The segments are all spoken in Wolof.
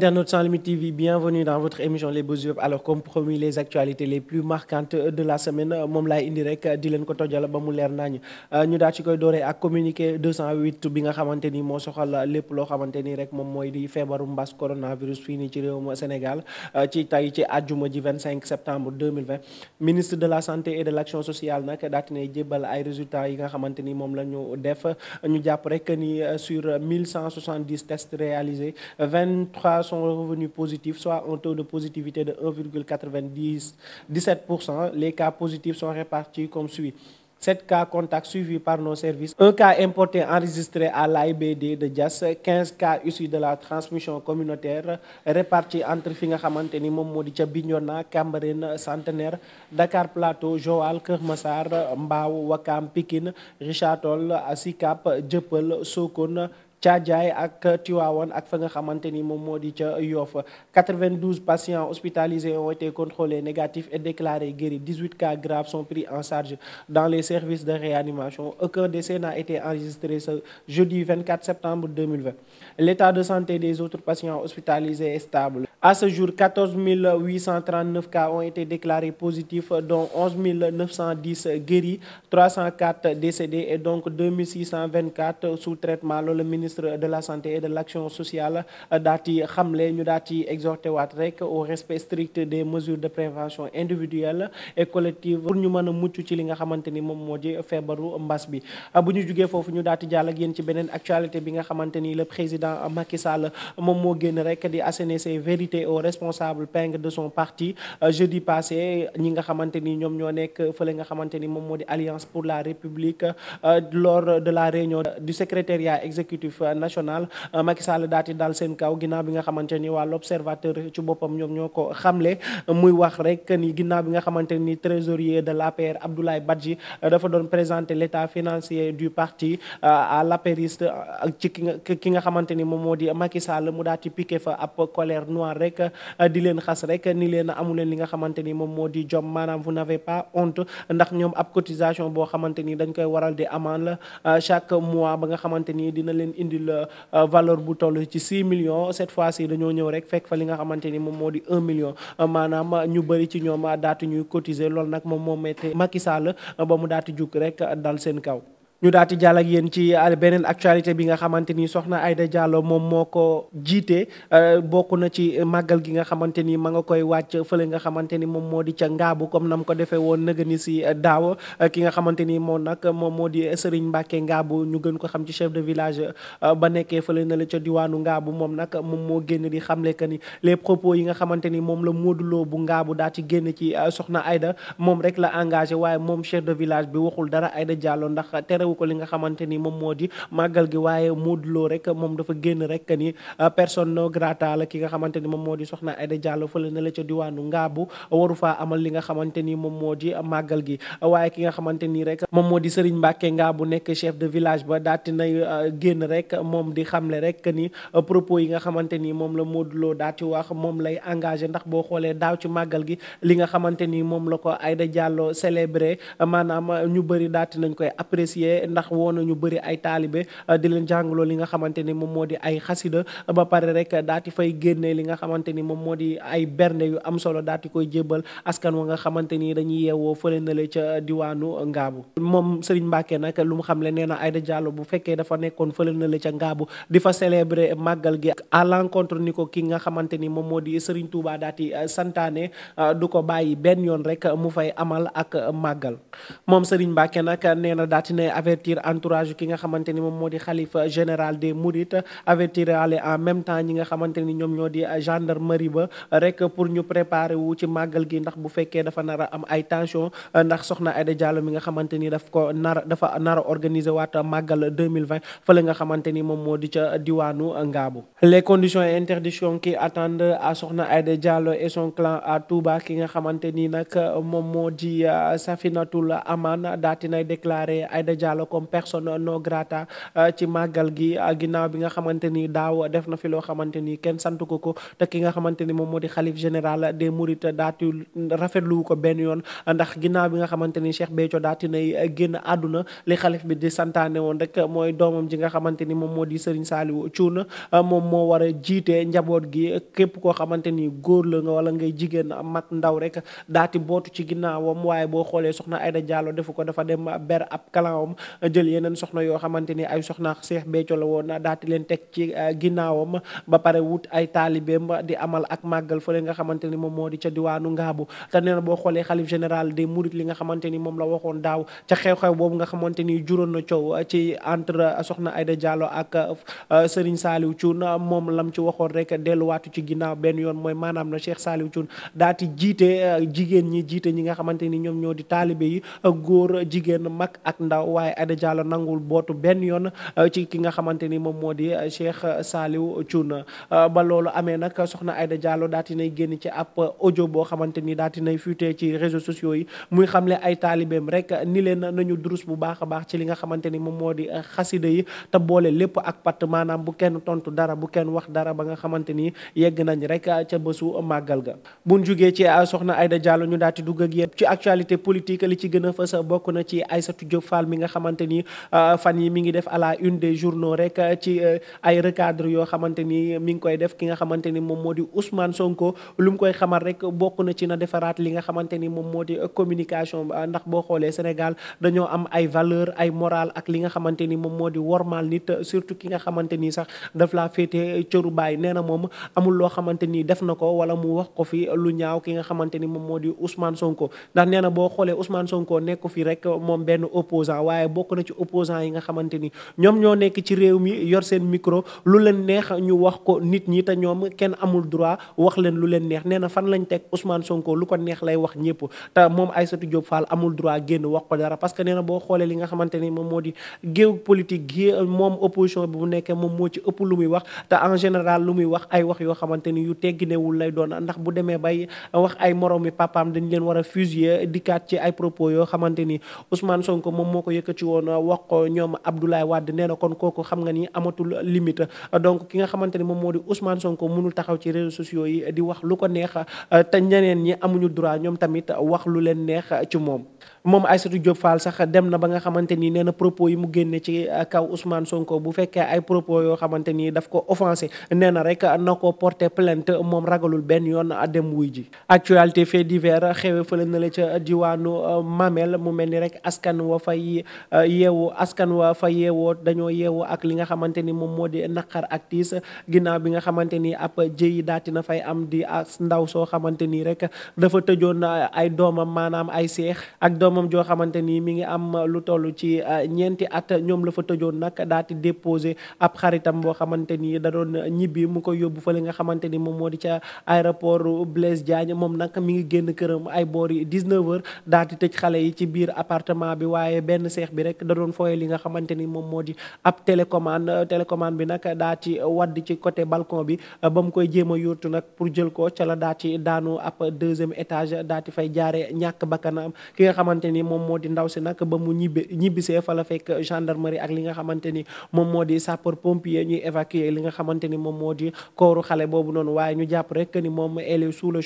internautes Sans Limites TV bienvenue dans votre émission les Buzz Web alors comme promis les actualités les plus marquantes de la semaine moom laay indi rek di leen ko tojal ba mu leer nañu euh, ñu daal ci koy dooree ak communiqué bi nga xamante ni moo soxal lépp loo xamante ni rek moom mooy di feebaru mbas coronavirus fii nii ci réewum Sénégal euh, ci tay ci àjjuma ji 25 septembre 2020 ministre de la santé et de l'action sociale nag daati ne jébbal ay résultats yi nga xamante ni moom la ñu def ñu jàpp rek ni euh, sur 1170 tests réalisés 23 sont revenus positifs, soit un taux de positivité de 1,97 pour cent. Les cas positifs sont répartis comme suit. 7 cas contacts suivis par nos services, un cas importé enregistré à l'AIBD de Diass, 15 cas de la transmission communautaire répartis entre fi nga xamante ni moom moo di ca Bignona Cambérène Centenaire Dakar Plateau Joal Kër Massar Mbao Wakam Pikine Richard Toll Sicap Dieuppeul Sokone Caajaay ak Tiwaawan ak fa nga xamante ni moom moo di ca Yoff 92 patients hospitalisés ont été contrôlés négatifs et déclarés guéris 18 cas graves sont pris en charge dans les services de réanimation aucun décès n'a été enregistré ce jeudi 24 septembre 2020 l'état de santé des autres patients hospitalisés est stable À ce jour, 14 839 cas ont été déclarés positifs, dont 11 910 guéris, 304 décédés et donc 2624 sous traitement. loolu ministre de la santé et de l'action sociale daa ci xamle ñu daa ci exhorté waat rek au respect strict des mesures de prévention individuelle et collective pour ñu mën a mucc ci li nga xamante ni moom moo di feebaru mbas bi. bu ñu jugee foofu ñu daa di jàll ak yéen ci beneen actualité bi nga xamante ni le président Macky Sall moom moo génn rek di asséner ses vérités invité au responsable ping de son parti euh, jeudi passé ñi nga xamante ni ñoom ñoo nekk fële nga xamante ni moom moo di alliance pour la république euh, lors de la réunion du secrétariat exécutif euh, national Macky Sall daati daal seen kaw ginnaaw bi nga xamante ni waa l'observateur ci boppam ñoom ñoo ko xamle muy wax rek ni ginnaaw bi nga xamante ni trésorier de l'APR Abdoulaye Badji dafa doon présenter l'état financier du parti à l'apériste ci ki nga xamante ni moom moo di Macky Sall mu daati piqué rek euh, di leen xas rek ni leen amu leen li nga xamante ni moom moo di jom maanaam vous n'avez pas honte ndax ñoom ab cotisation boo xamante ni dañ koy waral di amaan la euh, chaque mois ba nga xamante nii dina leen indil euh, valeur bu toll ci 6 millions cette fois si dañoo ñëw rek fekk fa li nga xamante ni moom moo di un million maanaam ñu bëri ci ñoom daatu ñuy cotiser loolu nag moom moo metti Macky Sall ba mu daati jukk rek dal seen kaw ñu daal di jàll ak yéen ci euh, beneen actualité bi nga xamante ni soxna Aïda Diallo moom moo ko jiite euh, bokk na ci màggal gi nga xamante ni ma nga koy wàcc fële nga xamante ni moom moo di ca ngaabu comme nam ko defee woon nëga ni si euh, daaw ki nga xamante ni moom nag moom moo di Serigne Mbacke ngaabu ñu gën ko xam ci chef de village ba nekkee fële na la ca diwaanu ngaabu moom nag moom moo génn di xamle que ni les propos yi nga xamante ni moom la mooduloo bu ngaabu daa ci génn ci soxna Aïda moom rek la engagé waaye moom chef de village bi waxul dara Aïda Diallo ndax tere wu ko li nga xamante ni moom moo di màggal gi waaye Modou Lo rek moom dafa génn rek ni euh, personne non grata la ki nga xamante ni moom moo di soxna Aida Diallo fële na la ca diwaanu Ngaabu waru faa li nga xamante ni moom moo di màggal gi waaye ki nga xamante ni rek moom moo di Serigne Mbacke Ngaabu nekk chef de village ba daati nay euh, génn rek moom di xamle rek ni euh, propos yi nga xamante ni moom la Modou Lo daati wax moom lay engagé ndax boo xoolee daaw ci màggal gi li nga xamante ni moom la ko Aida Diallo célébré maanaam ñu bëri daati nañ koy apprécier jàngale ndax woo nañu bëri ay taalibe euh, di leen jàngaloo li nga xamante ni moom moo di ay xasida ba pare rek daa di fay génnee li nga xamante ni moom moo di ay bernde yu am solo daa di koy jébbal askan wa nga xamante ni dañuy yeewoo fële ca diwaanu Ngaabu moom Serigne Mbacke nag lu mu xam le nee na Aïda Diallo bu fekkee dafa nekkoon fële na ca Ngaabu di fa célébrer màggal gi à l'encontre ko ki nga xamante ni moom moo di Serigne Touba euh, santaane euh, du ko bàyyi benn yoon rek mu fay amal ak màggal moom Serigne Mbacke nag nee na daa di avertir entourage ki nga xamante ni moom moo di xalifa général des mourides avertir en même temps ñi nga xamante ni ñoom ñoo di gendarmerie ba rek pour ñu préparer wu ci màggal gi ndax bu fekkee dafa nar a am ay tension ndax soxna Aïda Diallo mi nga xamante ni daf ko nar dafa nar a organiser waat màggal 2020 fële nga xamante ni moom moo di ca diwaanu Ngaabu les conditions et interdictions qui attendent à soxna Aïda Diallo et son clan à Touba ki nga xamante ni nag moom moo di sa Aman daati nay la comme personne non euh, ci màggal gi euh, ginnaaw bi nga xamante ni daaw def na fi loo xamante ni kenn sant ko ko te ki nga xamante ni moom moo di xalif général des mourides daati rafetlu ko benn yoon ndax ginnaaw bi nga xamante ni Cheikh Béthio daati nay génn àdduna li xalif bi di santaane woon rek mooy doomam ji nga xamante ni moom moo di Serigne Saliou Thioune euh, moom moo war a jiite njaboot gi képp koo xamante ni góor la nga wala ngay jigéen mag ndaw rek daati bootu ci ginnaawam waaye boo xoolee soxna ayda Diallo defu ko dafa dem ber ab kalawam jël yeneen soxna yoo xamante ni ay soxna Seex Béthio la woon daati leen teg ci eh, ginnaawam ba pare wut ay taalibeem di amal ak màggal fële nga xamante ni moom moo di ca diwaanu Ngaabu te nee na boo xoolee xalif général des Mourides li nga xamante ni moom la waxoon daaw ca xew-xew boobu nga xamante ni juróon na coow eh, ci entre eh, soxna ay da jaalo ak Serigne Saliou Thioune moom lam ci waxoon rek delluwaatu ci ginnaaw benn yoon mooy maanaam na Cheikh Saliou Thioune daati jiite jigéen ñi jiite ñi nga xamante ni ñoom ñoo di taalibe yi góor jigéen mag ak ndaw waaye Aida Diallo nangul bootu benn yoon euh, ci ki nga xamante ni moom moo di euh, Cheikh euh, Saliou Thioune ba loolu amee nag soxna ay Aida Diallo daa nay génn ci ab audio boo xamante ni daa tinay fuitee ci réseaux sociaux yi muy xamle ay taalibeem rek ni leen nañu durus bu baax a baax ci li nga xamante ni moom moo di xasida yi te boole lépp ak patt maanaam bu kenn tontu dara bu kenn wax dara ba nga xamante ni yegg nañ rek ca bésu màggal ga buñ jugee ci soxna ay Aida Diallo ñu daal di dugg ak yéen ci actualité politique li ci gën a fës bokk na ci Aïssatou Diop Fall mi nga xam xamante euh, fan yi mi ngi def à la une des journaux rek euh, ci euh, ay recadre yoo xamante ni mi ngi koy def ki nga xamante ni moom moo di Ousmane Sonko lu mu koy xamal rek bokk na ci na defaraat li nga xamante ni moom moo di communication ndax boo xoolee Sénégal dañoo am ay valeur ay morale ak li nga xamante ni moom moo di wormaal nit surtout ki nga xamante ni sax daf laa féete cëru baay nee na moom amul loo xamante ni def na ko wala mu wax ko fi lu ñaaw ki nga xamante ni moom moo di Ousmane Sonko ndax nee boo xoolee Ousmane Sonko nekk fi rek moom benn opposant bokk na ci opposant yi nga xamante ni ñoom ñoo nekk ci réew mi yor seen micro lu leen neex ñu wax ko nit ñi te ñoom kenn amul droit wax leen lu leen neex nee na fan lañ teg Ousmane Sonko lu ko neex lay wax ñëpp te moom Aïssatou Diop Fall amul droit génn wax ko dara parce que nee na boo xoolee li nga xamante ni moom moo di géew politique gi moom opposition bi bu nekkee moom moo ci ëpp lu muy wax te en général lu muy wax ay wax yoo xamante ni yu tegginewul lay doon ndax bu demee bay wax ay moroomi papaam dañ leen war a fusiller dikkaat ci ay propos yoo xamante ni Sonko moom moo ko yëkkati ci woon uh, wax ko ñoom Abdoulaye Wade nee na kon kooku xam nga nii amatul limite donc ki nga xamante ne moom moo di Ousmane Sonko mënul taxaw ci réseaux sociaux yi di wax lu ko neex uh, te ñeneen ñi amuñu droit ñoom tamit wax lu leen neex ci moom. moom Aïssatou Diop Fall sax dem na ba nga xamante ni nee na propos yi mu génne ci uh, kaw Ousmane Sonko bu fekkee ay propos yoo xamante ni daf ko offensé nee na rek na ko porté plainte moom ragalul benn yoon a dem wuy ji. actualité fait divers xewe fële na ca diwaanu Mamel mu mel ni rek askan wa fay Euh, yeewu askan wa fa yeewoo dañoo yeewoo ak li nga xamante ni moom moo di naqar ak tiis ginnaaw bi nga xamante ni ab jëyi daati na fay am di as ndaw soo xamante nii rek dafa tëjoon euh, ay doomam maanaam ay seex ak doomam joo xamante ni mi ngi am lu toll ci euh, ñeenti at ñoom la fa tëjoon nag daati déposé ab xaritam boo xamante ni da doon ñibbi mu koy yóbbu fa li nga xamante ni moom moo di ca aéroport Blaise Diagne moom nag mi ngi génn këram ay boori 19 heures daati tëj xale yi ci biir apartement bi waaye benn seex bi bi rek da doon fooye li nga xamante ni moom moo di ab télécommande télécommande bi nag daa ci wadd ci côté balcon bi ba mu koy jéem a yóotu nag pour jël ko ca la daa ci daanu ab deuxième étage daa ci fay jaare ñàkk bakkanam ki nga xamante ni moom moo di ndaw si nag ba mu ñibbi ñibbisee fa la fekk gendarmerie ak li nga xamante ni moom moo di sapeur pompier ñuy évacuer li nga xamante ni moom moo di kooru xale boobu noonu waaye ñu jàpp rek ni moom elle est sous le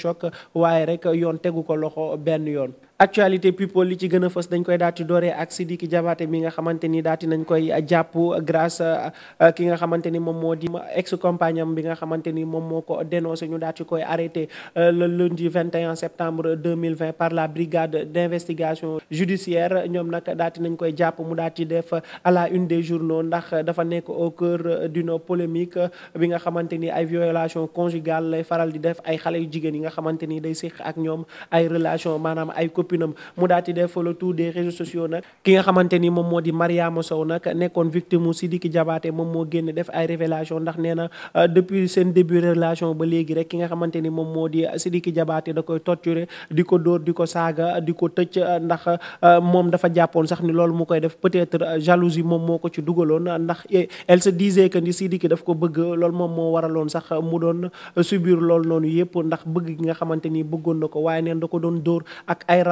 waaye rek yoon tegu ko loxo benn yoon actualité people li ci gën a fës dañ koy daati dooree ak Sidiki jabaate mi nga xamante ni daati nañ koy jàpp grâce euh, ki nga xamante ni moom moo dima ex compagne am bi nga xamante ni moom moo ko dénoncé ñu daati koy arrêté euh, le lundi 21 septembre 2020 par la brigade d'investigation judiciaire ñoom nag daati nañ koy jàpp mu daati def à une des journaux ndax dafa nekk au cœur d'une polémique bi nga xamante ni ay violation conjugale lay faral di def ay xale yu jigéen yi nga xamante ni day séq ak ñoom ay relation maanaam copine am mu daal di def le tour des réseaux sociaux nag ki nga xamante ni moom moo di Mariama Sow nag nekkoon victime Sidiki Diabaté moom moo génn def ay révélation ndax nee na euh, depuis seen début relation ba léegi rek ki nga xamante ni moom moo di Sidiki Diabaté da koy torturer di ko dóor di ko saaga di ko tëcc euh, ndax euh, moom dafa jàppoon sax ni lool mu koy def peut-être jalousie moom moo ko ci dugaloon ndax elle se disait que ni Sidiki daf ko bëgg loolu moom moo waraloon sax mu doon subir loolu noonu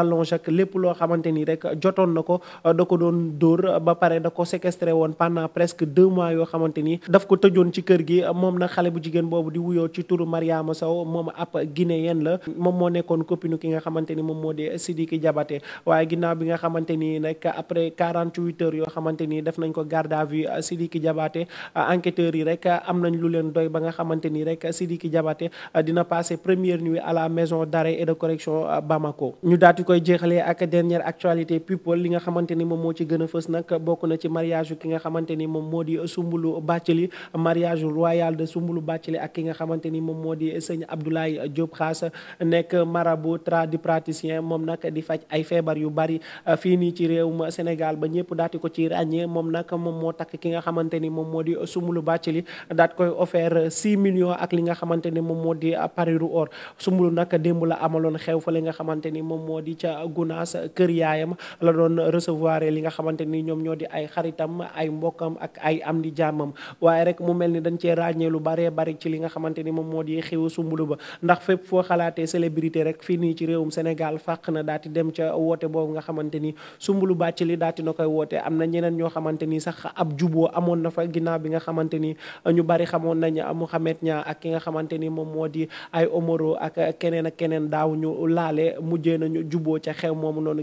rallonge ak lépp loo xamante ni rek jotoon na ko da ko doon dóor ba pare da ko séquestré woon pendant presque deux mois yoo xamante ni daf ko tëjoon ci kër gi moom nag xale bu jigéen boobu di wuyoo ci turu Mariama Sow moom ab guinéen la moom moo nekkoon copine ki nga xamante ni moom moo di Sidiki Diabaté waaye ginnaaw bi xamante ni nag après quarante huit heures yoo xamante ni def nañ ko garde à vue Sidiki Diabaté enquêteurs yi rek am nañ lu leen doy ba nga xamante nii rek Sidiki Diabaté dina passé première nuit à la maison d'arrêt et de correction Bamako ñu daati ko koy jeexalee ak dernière actualité people li nga xamante moom moo ci gën a fës nag bokk na ci mariage ki nga xamante ni moom moo di Soumboulou Bathily mariage royal de Soumboulou Bathily ak ki nga xamante ni moom moo di sëñ Abdoulaye Diop Xaas nekk marabout tradipraticien moom nag di faj ay feebar yu bari uh, fii nii ci réew ma Sénégal ba ñëpp daati ko ci ràññee moom nag moom moo takk ki nga xamante ni moom moo di Soumboulou Bathily daat koy offert 6 millions ak li nga xamante ni moom moo di pariru or Soumboulou nag démb la amaloon xew fa li nga xamante moom moo di ca Gunaas kër yaayam la doon recevoir li nga xamante ni ñoom ñoo di ay xaritam ay mbokkam ak ay am di jàmmam waaye rek mu mel ni dañ cee ràññee lu baree bari ci li nga xamante ni moom moo di xewu sumbulu ba ndax fépp foo xalaatee célébrité rek fii nii ci réewum Sénégal fàq na daal di dem ca woote boobu nga xamante ni sumbulu bàcc li daal di na koy woote am na ñeneen ñoo xamante ni sax ab juboo amoon na fa ginnaaw bi nga xamante ni ñu bari xamoon nañ Mouhamed Niang ak ki nga xamante ni moom moo di ay Omoro ak keneen ak keneen daaw ñu laale mujjee nañu juboo juboo ca xew moomu noonu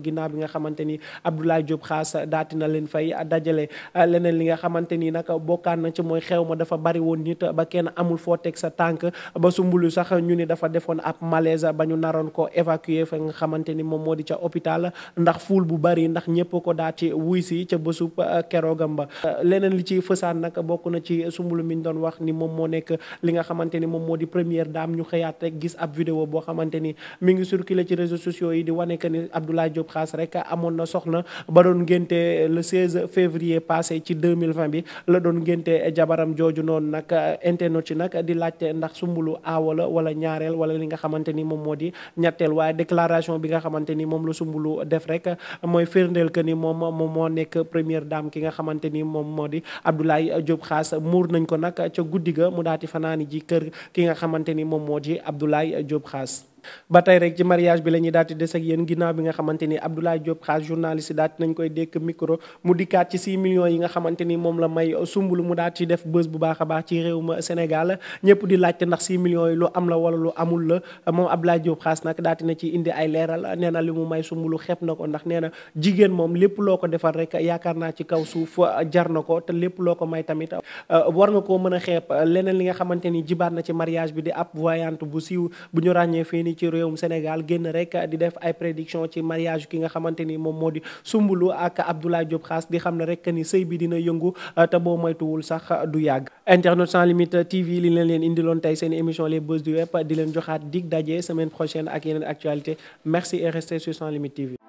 na leen fay dajale uh, leneen li nga xamante ni nag bokkaan na ci mooy xew ma dafa bari woon nit ba kenn amul foo teg sa tànk ba sumbulu sax ñu ni dafa defoon ab malaise ba ñu naroon ko évacuer fa nga xamante ni moom moo di ca hôpital ndax fuul bu bari ndax ñëpp ko daa ci wuy si ca bésub uh, keroogam ba uh, leneen li ci fësaan nag bokk na ci sumbulu mi wax ni moom moo nekk li nga xamante ni moom moo di première daam ñu xëyaat rek gis ab vidéo boo xamante ni mi ngi circuler ci réseaux sociaux yi di wane que ni Abdoulaye Diop xaas rek amoon na soxna ba doon ngénte le 16 février passé ci deux mille 2020 bi la doon ngénte jabaram jooju noonu nag internet yi nag di laajte ndax sumbulu aawala wala ñaareel wala li nga xamante ni moom moo di ñetteel waaye déclaration bi nga xamante ni moom la sumbulu def rek mooy firndeel que ni moom moom moo nekk première dame ki nga xamante ni moom moo di Abdoulaye Diop Khass muur nañ ko nag ca guddi ga mu daati fanaani ji kër ki nga xamante ni moom moo di Abdoulaye Diop Khass ba tey rek ci mariage bi la ñuy daal di des ak ginnaaw bi nga xamante ni Abdoulaye Diop xaas journaliste daal nañ koy dékk micro mu dikkaat ci 6 yi nga xamante moom la may sumbulu mu daal def bës bu baax a baax ci réew ma Sénégal ñëpp di laajte ndax 6 millions yi lu am la wala lu amul la moom Abdoulaye Diop xaas nag daal na ci indi ay leeral nee na li mu may sumb lu xeeb na ko ndax nee na jigéen moom lépp loo ko defal rek yaakaar naa ci kaw suuf jar na ko te lépp loo ko may tamit uh, war nga koo mën a xeeb leneen li nga xamante ni jibaat na ci mariage bi ci réewum Sénégal génn rek di def ay prédiction ci mariage ki nga xamante ni moom moo di Soumboulou ak Abdoulaye Diop Khass di xam ne rek ni sëy bi dina yëngu euh, te boo moytuwul sax du yàgg. Internet sans limite TV li leen leen indiloon tey seen émission les buzz du web di leen joxaat dig daje semaine prochaine ak yeneen actualité merci et restez sur sans limite TV.